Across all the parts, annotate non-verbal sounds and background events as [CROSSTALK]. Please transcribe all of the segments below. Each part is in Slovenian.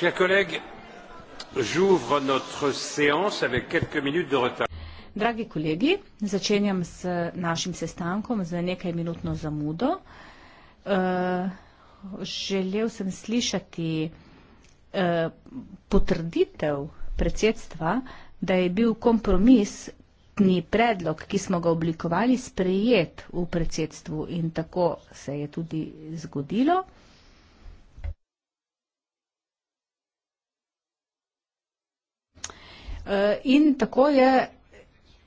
Chers collègues, j'ouvre notre séance avec quelques minutes de retard. Dragi kolegi, začenjam s našim sestankom z nekaj minutno zamudo. Eh, želel sem slišati eh, potrditev predsedstva, da je bil kompromis ni predlog, ki smo ga oblikovali, sprejet v predsedstvu in tako se je tudi zgodilo. Eh, in tako je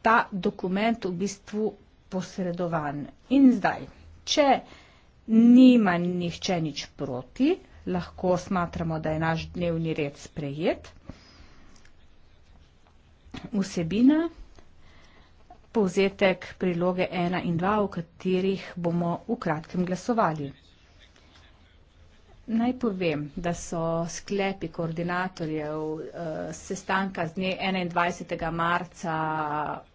ta dokument v bistvu posredovan. In zdaj, če nima nihče nič proti, lahko smatramo, da je naš dnevni red sprejet. Vsebina, povzetek priloge 1 in 2, v katerih bomo v kratkem glasovali. Naj povem, da so sklepi koordinatorjev uh, sestanka z dne 21. marca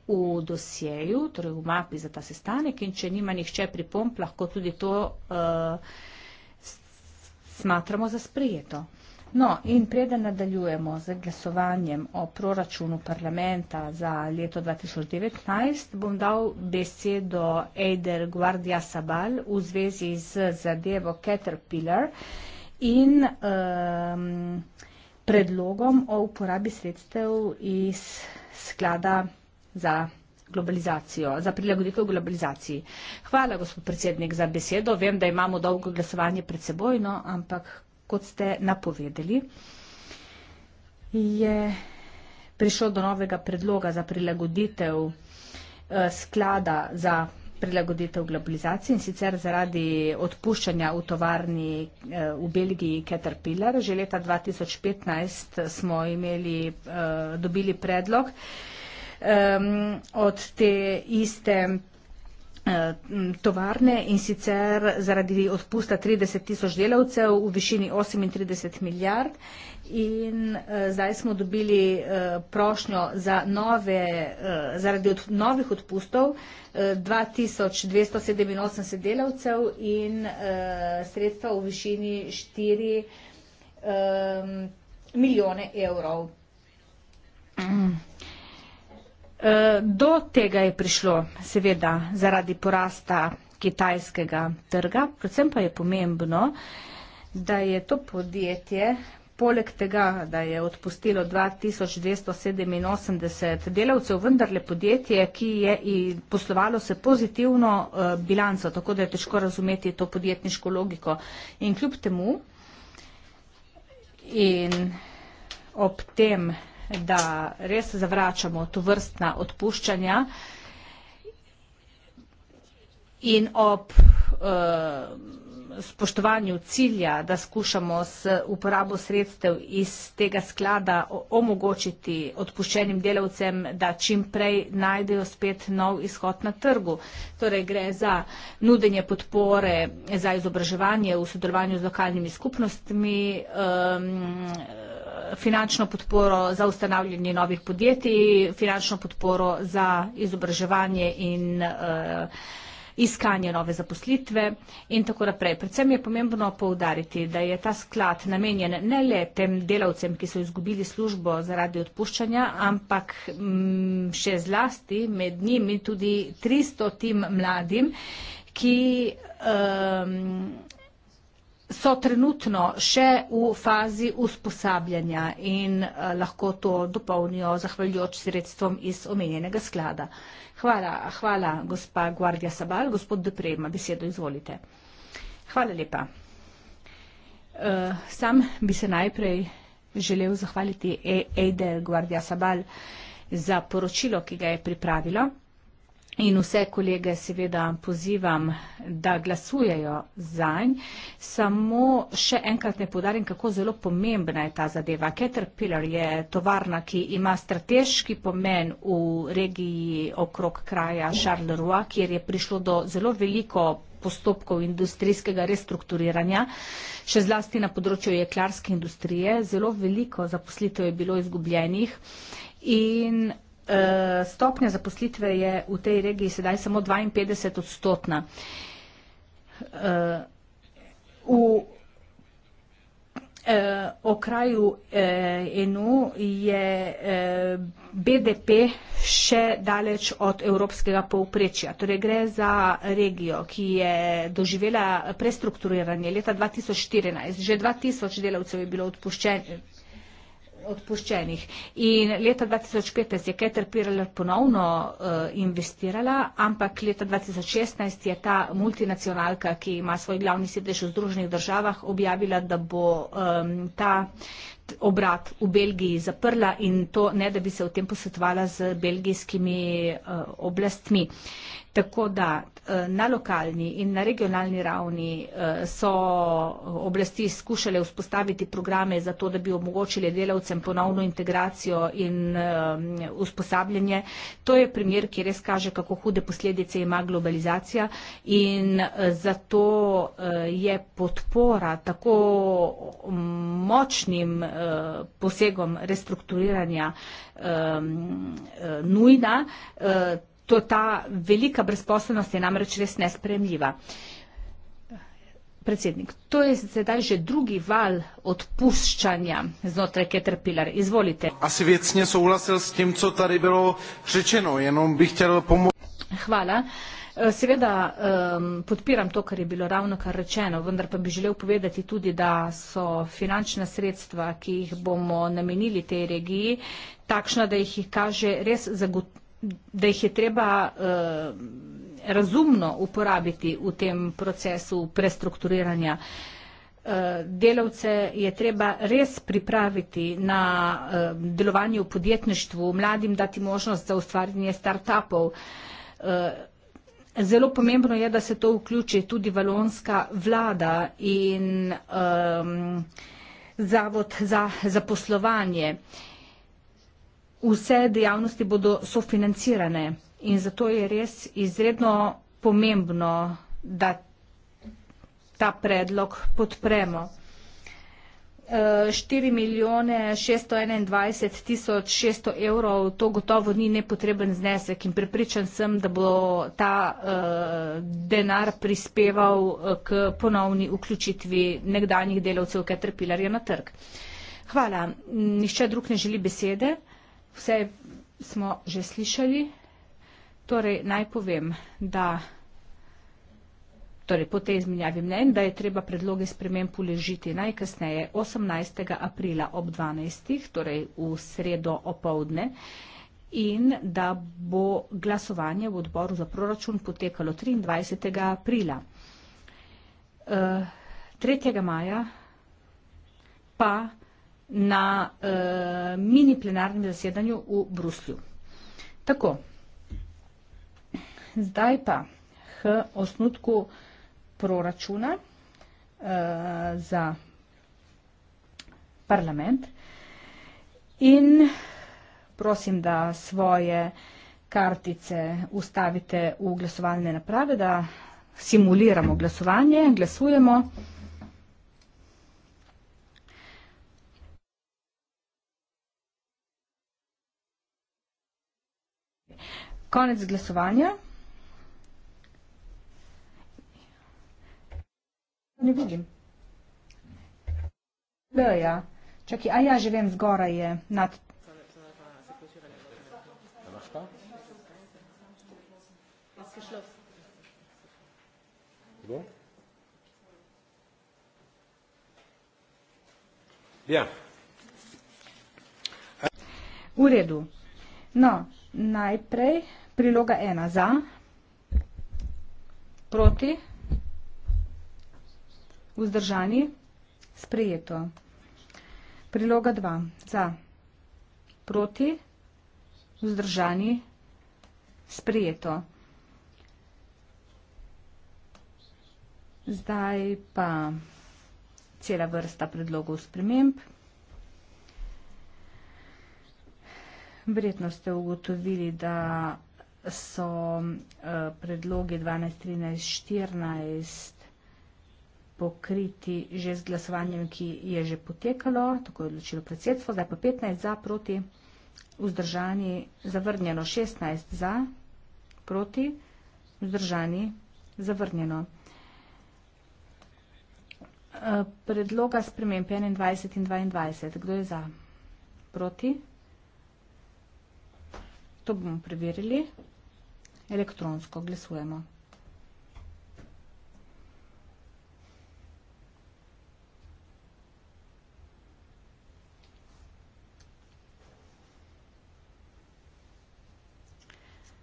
v dosjeju, torej v mapi za ta sestanek in če nima nihče pripomp, lahko tudi to uh, smatramo za sprejeto. No, in preden nadaljujemo z glasovanjem o proračunu parlamenta za leto 2019, bom dal besedo Eider Guardia Sabal v zvezi z zadevo Caterpillar in um, predlogom o uporabi sredstev iz sklada za globalizacijo, za prilagoditev globalizaciji. Hvala, gospod predsednik, za besedo. Vem, da imamo dolgo glasovanje pred seboj, no, ampak kot ste napovedali, je prišlo do novega predloga za prilagoditev eh, sklada za prilagoditev globalizacije in sicer zaradi odpuščanja v tovarni eh, v Belgiji Caterpillar. Že leta 2015 smo imeli, eh, dobili predlog ehm, od te iste Eh, tovarne in sicer zaradi odpusta 30 tisoč delavcev v višini 38 milijard in eh, zdaj smo dobili eh, prošnjo za nove, zaradi od, novih odpustov 2287 delavcev in sredstva v višini 4 milijone evrov. Mm. Eh, do tega je prišlo seveda zaradi porasta kitajskega trga, predvsem pa je pomembno, da je to podjetje poleg tega, da je odpustilo 2287 delavcev, vendarle podjetje, ki je poslovalo se pozitivno eh, bilanco, tako da je težko razumeti to podjetniško logiko. In kljub temu in ob tem, da je to podjetje, da res zavračamo to vrstna odpuščanja in ob eh, spoštovanju cilja, da skušamo s uporabo sredstev iz tega sklada omogočiti odpuščenim delavcem, da čim prej najdejo spet nov izhod na trgu. Torej gre za nudenje podpore za izobraževanje v sodelovanju z lokalnimi skupnostmi. Eh, finančno podporo za ustanavljanje novih podjetij, finančno podporo za izobraževanje in eh, iskanje nove zaposlitve in tako naprej. Predvsem je pomembno povdariti, da je ta sklad namenjen ne le tem delavcem, ki so izgubili službo zaradi odpuščanja, ampak mm, še zlasti med njimi tudi 300 tim mladim, ki um, so trenutno še v fazi usposabljanja in eh, lahko to dopolnijo zahvaljujoč sredstvom iz omenjenega sklada. Hvala, hvala gospa Guardia Sabal. Gospod Deprej ima besedo, izvolite. Hvala lepa. Eh, sam bi se najprej želel zahvaliti Ede Guardia Sabal za poročilo, ki ga je pripravila in vse kolege seveda pozivam, da glasujejo za nj. Samo še enkrat ne podarim, kako zelo pomembna je ta zadeva. Caterpillar je tovarna, ki ima strateški pomen v regiji okrog kraja Charleroi, kjer je prišlo do zelo veliko postopkov industrijskega restrukturiranja, še zlasti na področju jeklarske industrije. Zelo veliko zaposlitev je bilo izgubljenih in Eh, stopnja zaposlitve je v tej regiji sedaj samo 52 odstotna. Eh, v eh, okraju NU je BDP še daleč od evropskega povprečja. Torej gre za regijo, ki je doživela prestrukturiranje leta 2014. Že 2000 delavcev je bilo odpuščenih odpuščenih. In leta 2015 je Keter Pirler ponovno uh, investirala, ampak leta 2016 je ta multinacionalka, ki ima svoj glavni sedež v Združenih državah, objavila, da bo um, ta obrat v Belgiji zaprla in to ne, da bi se o tem posvetovala z belgijskimi uh, oblastmi. Tako da Eh, na lokalni in na regionalni ravni eh, so oblasti skušale vzpostaviti programe za to, da bi omogočili delavcem ponovno integracijo in eh, usposabljanje. To je primer, ki res kaže, kako hude posledice ima globalizacija in zato je podpora tako močnim posegom restrukturiranja nujna. To, ta velika brezposobnost je namreč res nespremljiva. Predsednik, to je sedaj že drugi val odpuščanja znotraj Caterpillar. Izvolite. Asi vecne souhlasil s tem, co tady bilo rečeno, jenom bi htjel pomoč. Hvala. Eh, seveda um, podpiram to, kar je bilo ravno kar rečeno, vendar pa bi želel povedati tudi, da so finančna sredstva, ki jih bomo namenili tej regiji, takšna, da jih kaže res zagotovljeno da jih je treba uh, razumno uporabiti v tem procesu prestrukturiranja. Uh, delavce je treba res pripraviti na uh, delovanje v podjetništvu, mladim dati možnost za ustvarjanje start-upov. Uh, zelo pomembno je, da se to vključi tudi valonska vlada in um, zavod za zaposlovanje. Uh, vse dejavnosti bodo sofinancirane in zato je res izredno pomembno, da ta predlog podpremo. 4 e, milijone 621 tisoč 600 evrov, to gotovo ni nepotreben znesek in prepričan sem, da bo ta uh, denar prispeval e, k ponovni vključitvi nekdanjih delavcev Keterpilarja na trg. Hvala. Nišče drug ne želi besede vse smo že slišali. Torej, naj povem, da torej, po tej izmenjavi mnen, da je treba predloge sprememb uležiti najkasneje 18. aprila ob 12. torej v sredo opovdne in da bo glasovanje v odboru za proračun potekalo 23. aprila. 3. Eh, maja pa na e, mini plenarnem zasedanju v Bruslju. Tako, zdaj pa h osnutku proračuna e, za parlament in prosim, da svoje kartice ustavite v glasovalne naprave, da simuliramo glasovanje, glasujemo. Konec glasovanja. Ne vidim. L, ja. Čaki, a ja že vem, zgoraj je nad... Ja. V redu. No, najprej priloga ena za, proti, vzdržani, sprejeto. Priloga dva, za, proti, vzdržani, sprejeto. Zdaj pa cela vrsta predlogov sprememb. Verjetno ste ugotovili, da so eh, predlogi 12, 13, 14 pokriti že z glasovanjem, ki je že potekalo, tako je odločilo predsedstvo, zdaj pa 15 za, proti, vzdržani, zavrnjeno, 16 za, proti, vzdržani, zavrnjeno. Eh, predloga spremem 21 in 22, kdo je za, proti, vzdržani, To bomo preverili. Elektronsko glasujemo.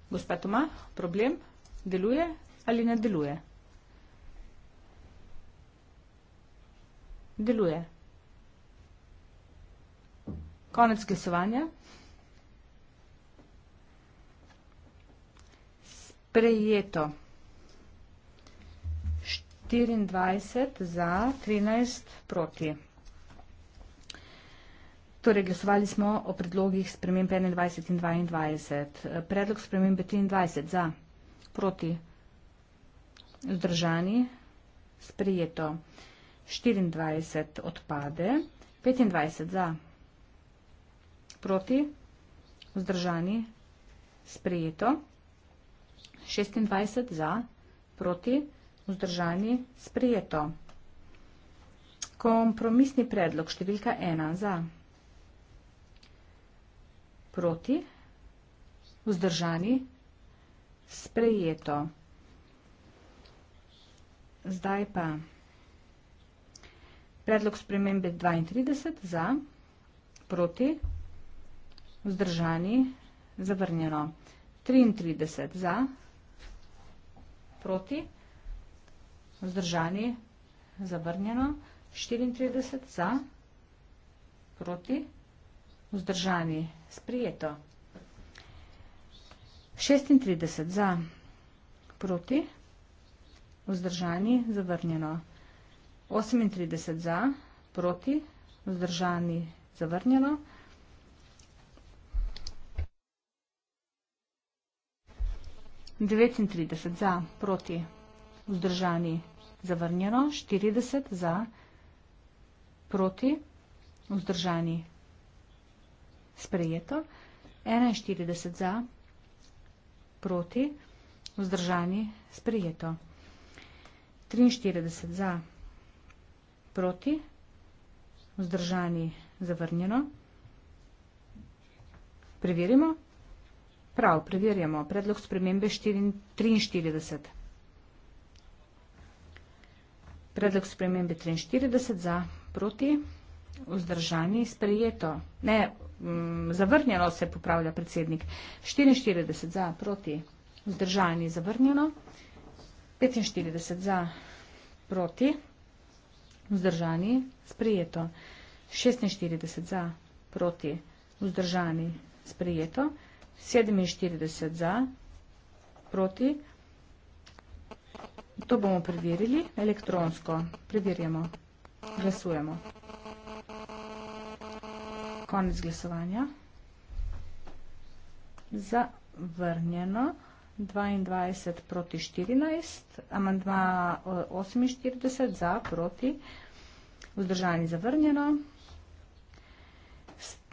Gospa Toma, problem deluje ali ne deluje? Deluje. Konec glasovanja. prejeto. 24 za 13 proti. Torej, glasovali smo o predlogih spremembe 21 in 22. Predlog spremembe 23 za proti zdržani sprejeto. 24 odpade. 25 za proti vzdržani sprejeto. 26 za, proti, vzdržani, sprijeto. Kompromisni predlog številka 1 za, proti, vzdržani, sprejeto. Zdaj pa predlog spremembe 32 za, proti, vzdržani, zavrnjeno. 33 za, proti, vzdržani, zavrnjeno, 34 za, proti, vzdržani, sprijeto, 36 za, proti, vzdržani, zavrnjeno, 38 za, proti, vzdržani, zavrnjeno, 36 za, proti, vzdržani, zavrnjeno, 39 za, proti, vzdržani, zavrnjeno, 40 za, proti, vzdržani, sprejeto, 41 za, proti, vzdržani, sprejeto, 43 za, proti, vzdržani, zavrnjeno, preverimo, 43 za, proti, Prav, preverjamo. Predlog spremembe 43. Predlog spremembe 43 za proti vzdržanje sprejeto. Ne, mm, zavrnjeno se popravlja predsednik. 44 za proti vzdržanje zavrnjeno. 45 za proti vzdržanje sprejeto. 46 za proti vzdržanje sprejeto. 47 za, proti. To bomo preverili elektronsko. Preverjamo. Glasujemo. Konec glasovanja. Zavrnjeno. 22 proti 14. Amandma 48 za, proti. Vzdržanje zavrnjeno.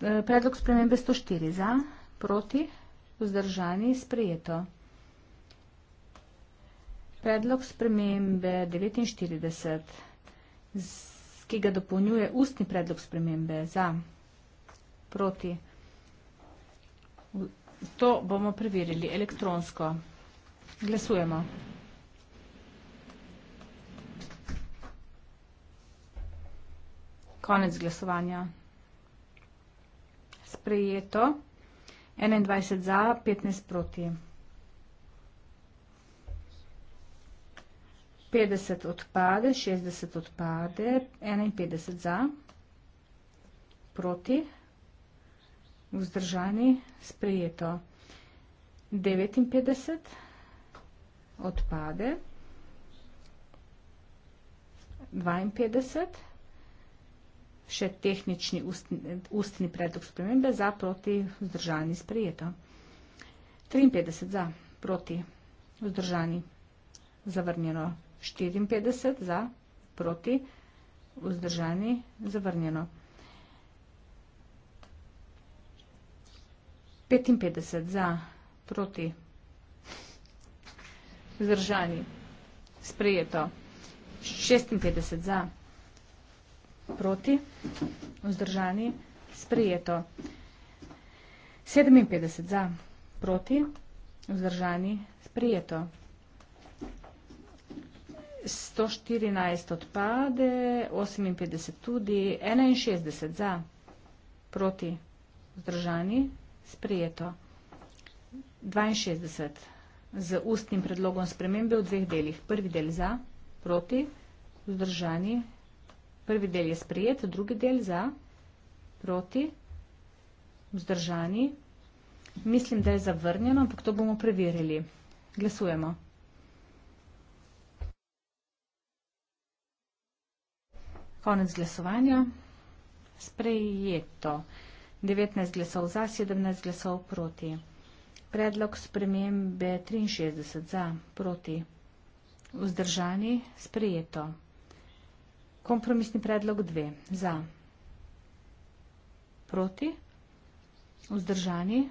Eh, predlog spremembe 104 za proti, vzdržani, sprejeto. Predlog spremembe 49, ki ga dopolnjuje ustni predlog spremembe za, proti. To bomo preverili elektronsko. Glasujemo. Konec glasovanja. Sprejeto. 21 za, 15 proti. 50 odpade, 60 odpade, 51 za, proti, vzdržani, sprejeto. 59 odpade, 52 odpade še tehnični ustni, ustni predlog spremembe za proti vzdržani sprejeto. 53 za proti vzdržani zavrnjeno, 54 za proti vzdržani zavrnjeno, 55 za proti vzdržani sprejeto, 56 za proti vzdržani sprejeto proti, vzdržani, sprejeto. 57 za, proti, vzdržani, sprejeto. 114 odpade, 58 tudi, 61 za, proti, vzdržani, sprejeto. 62 z ustnim predlogom spremembe v dveh delih. Prvi del za, proti, vzdržani, sprejeto. Prvi del je sprejet, drugi del za, proti, vzdržani. Mislim, da je zavrnjeno, ampak to bomo preverili. Glasujemo. Konec glasovanja. Sprejeto. 19 glasov za, 17 glasov proti. Predlog spremembe 63 za, proti. Vzdržani. Sprejeto. Kompromisni predlog dve. Za. Proti. Vzdržani.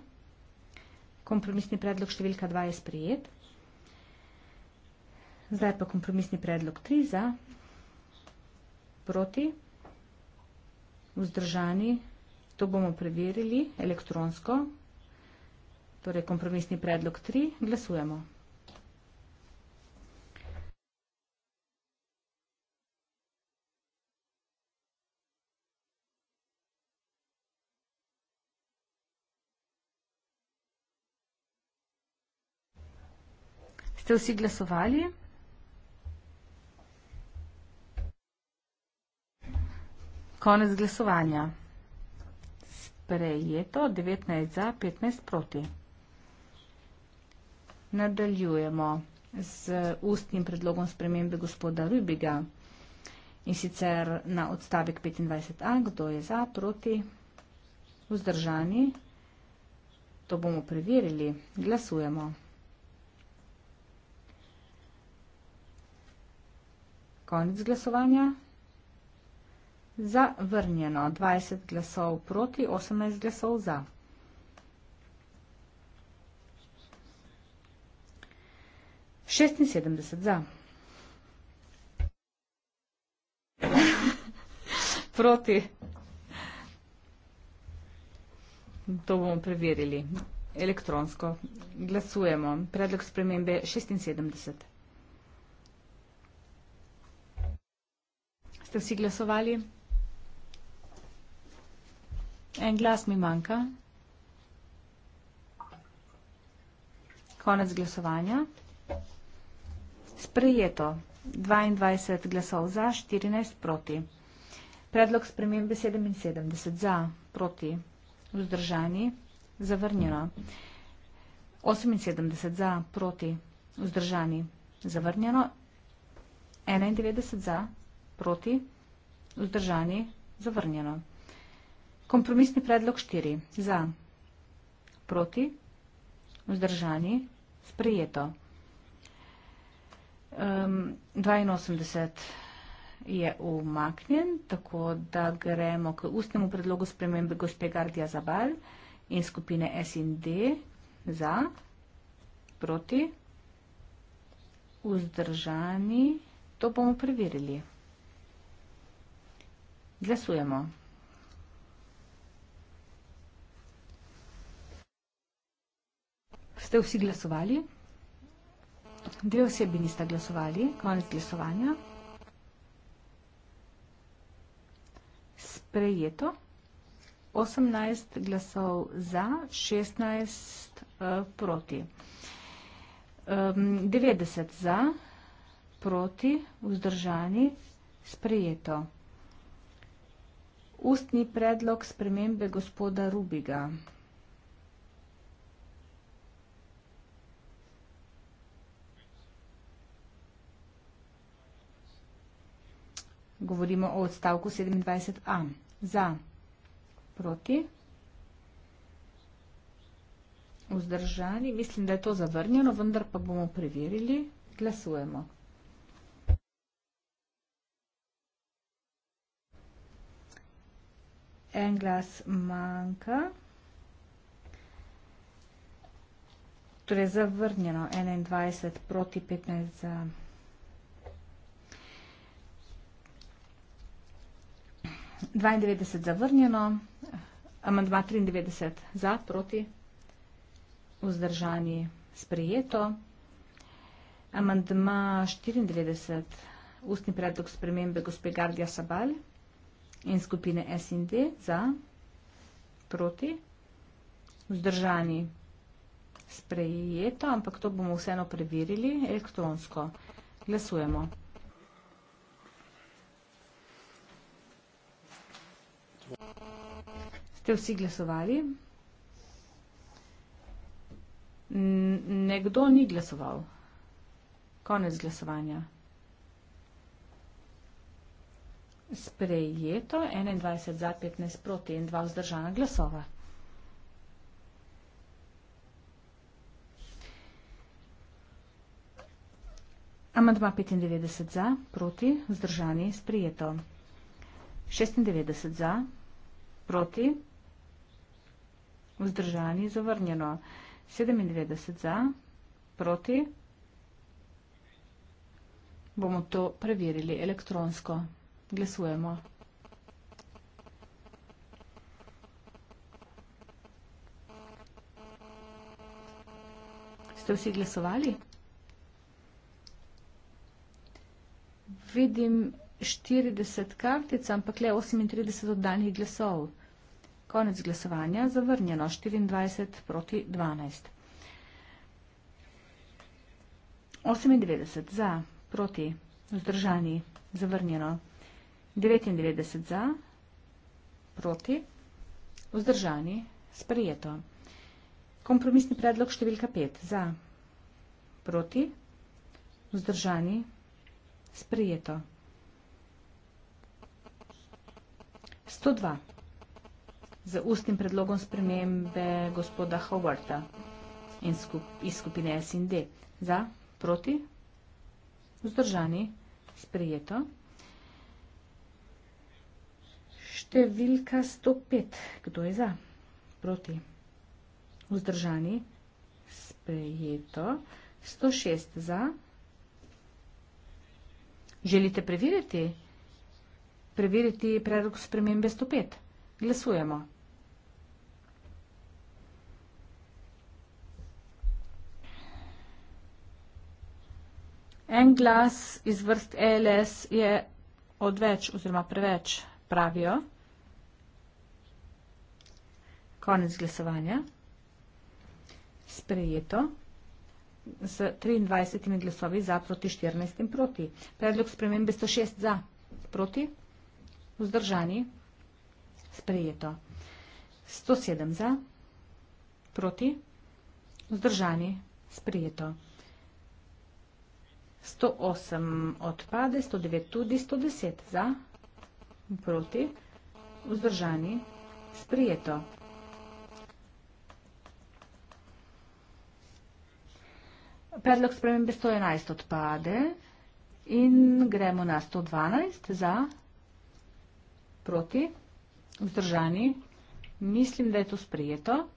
Kompromisni predlog številka dva je sprejet. Zdaj pa kompromisni predlog tri. Za. Proti. Vzdržani. To bomo preverili elektronsko. Torej kompromisni predlog tri. Glasujemo. Glasujemo. Ste vsi glasovali? Konec glasovanja. Sprejeto 19 za, 15 proti. Nadaljujemo z ustnim predlogom spremembe gospoda Rubiga in sicer na odstavek 25a, kdo je za, proti, vzdržani. To bomo preverili. Glasujemo. Glasujemo. Konec glasovanja. Zavrnjeno 20 glasov proti, 18 glasov za. Šestinsedemdeset za. [LAUGHS] Proti. To bomo preverili elektronsko. Glasujemo. Predlog spremembe šestinsedemdeset. Ste vsi glasovali? En glas mi manjka. Konec glasovanja. Sprejeto. 22 glasov za, 14 proti. Predlog spremembe 77 za, proti, vzdržani, zavrnjeno. 78 za, proti, vzdržani, zavrnjeno. 91 za, proti, vzdržani, zavrnjeno. Kompromisni predlog štiri. Za, proti, vzdržani, sprejeto. Um, 82 je umaknjen, tako da gremo k ustnemu predlogu spremembe gospe Gardija Zabal in skupine S in D za, proti, vzdržani, to bomo preverili. Glasujemo. Ste vsi glasovali? Dve osebi nista glasovali. Konec glasovanja. Sprejeto. 18 glasov za, 16 uh, eh, proti. Um, 90 za, proti, vzdržani, sprejeto ustni predlog spremembe gospoda Rubiga. Govorimo o odstavku 27a. Za, proti, vzdržani. Mislim, da je to zavrnjeno, vendar pa bomo preverili. Glasujemo. Glasujemo. en glas manjka. Torej zavrnjeno 21 proti 15 za. Uh, 92 zavrnjeno, amandma 93 za proti, vzdržani sprejeto. Amandma 94, ustni predlog spremembe gospe Gardija Sabalj in skupine S in D za, proti, vzdržani sprejeto, ampak to bomo vseeno preverili elektronsko. Glasujemo. Ste vsi glasovali? Nekdo ni glasoval. Konec glasovanja. sprejeto 21 za 15 proti in 2 vzdržana glasova. Amandma 95 za, proti, vzdržani, sprijeto. 96 za, proti, vzdržani, zavrnjeno. 97 za, proti, bomo to preverili elektronsko. Glasujemo. Ste vsi glasovali? Vidim 40 kartic, ampak le 38 oddanih glasov. Konec glasovanja, zavrnjeno 24 proti 12. 98 za, proti, vzdržani, zavrnjeno. 99 za, proti, vzdržani, sprejeto. Kompromisni predlog številka 5 za, proti, vzdržani, sprejeto. 102 za ustnim predlogom spremembe gospoda Howarda in skup, iz skupine S in D. Za, proti, vzdržani, sprejeto. 103 številka 105. Kdo je za? Proti. Vzdržani. Sprejeto. 106 za. Želite preveriti? Preveriti predlog spremembe 105. Glasujemo. En glas iz vrst LS je odveč oziroma preveč pravijo. Konec glasovanja. Sprejeto s 23 glasovi za proti 14 proti. Predlog spremembe 106 za proti. Vzdržani. Sprejeto. 107 za proti. Vzdržani. Sprejeto. 108 odpade, 109 tudi, 110 za proti proti, vzdržani, sprijeto. Predlog spremembe 111 odpade in gremo na 112 za, proti, vzdržani, mislim, da je to sprijeto.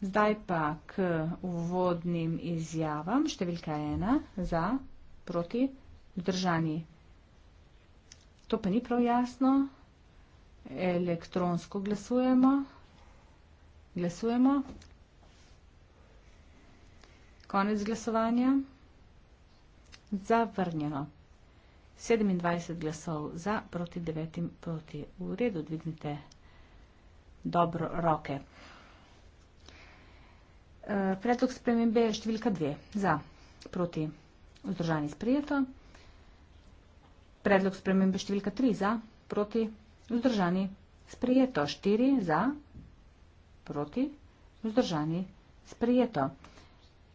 Zdaj pa k uvodnim izjavam, številka 1 za, proti, vzdržani vzdržani. To pa ni prav jasno. Elektronsko glasujemo. Glasujemo. Konec glasovanja. Zavrnjeno. 27 glasov za, proti 9 proti. V redu, dvignite dobro roke. Eh, predlog spremembe je številka 2 za, proti, vzdržani sprijeto. Predlog spremembe številka 3 za, proti, vzdržani. Sprijeto. 4 za, proti, vzdržani. Sprijeto.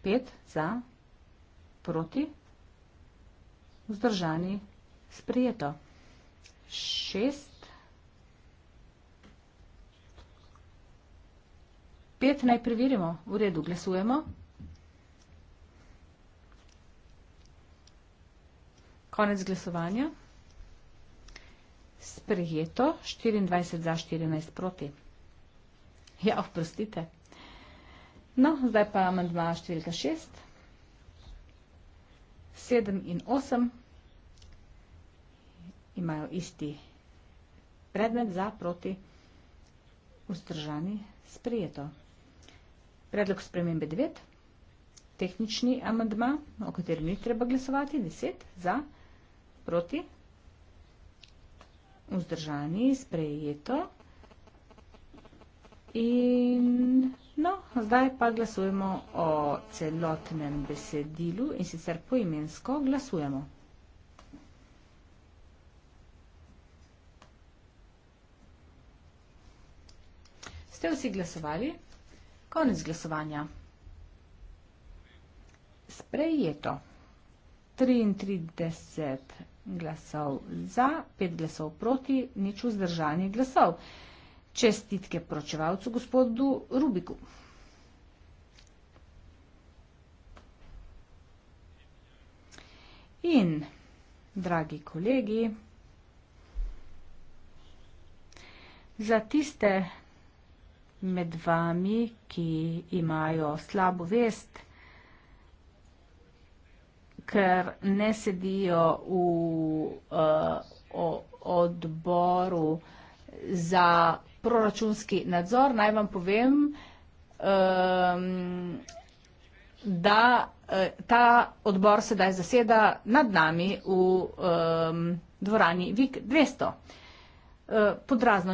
5 za, proti, vzdržani. Sprijeto. 6. 5 naj preverimo. V redu glasujemo. 6. Konec glasovanja. Sprejeto 24 za 14 proti. Ja, oprostite. No, zdaj pa amandma številka 6, 7 in 8 imajo isti predmet za proti vzdržani sprejeto. Predlog spremembe 9, tehnični amandma, o katerem ni treba glasovati, 10 za 14. Proti? Vzdržani, sprejeto. In no, zdaj pa glasujemo o celotnem besedilu in sicer poimensko glasujemo. Ste vsi glasovali? Konec glasovanja. Sprejeto. 33 glasov za, 5 glasov proti, nič vzdržanih glasov. Čestitke pročevalcu gospodu Rubiku. In, dragi kolegi, za tiste med vami, ki imajo slabo vest, ki imajo slabo vest, ker ne sedijo v uh, odboru za proračunski nadzor. Naj vam povem, um, da uh, ta odbor sedaj zaseda nad nami v um, dvorani VIK 200. Uh, eh, podrazno ni.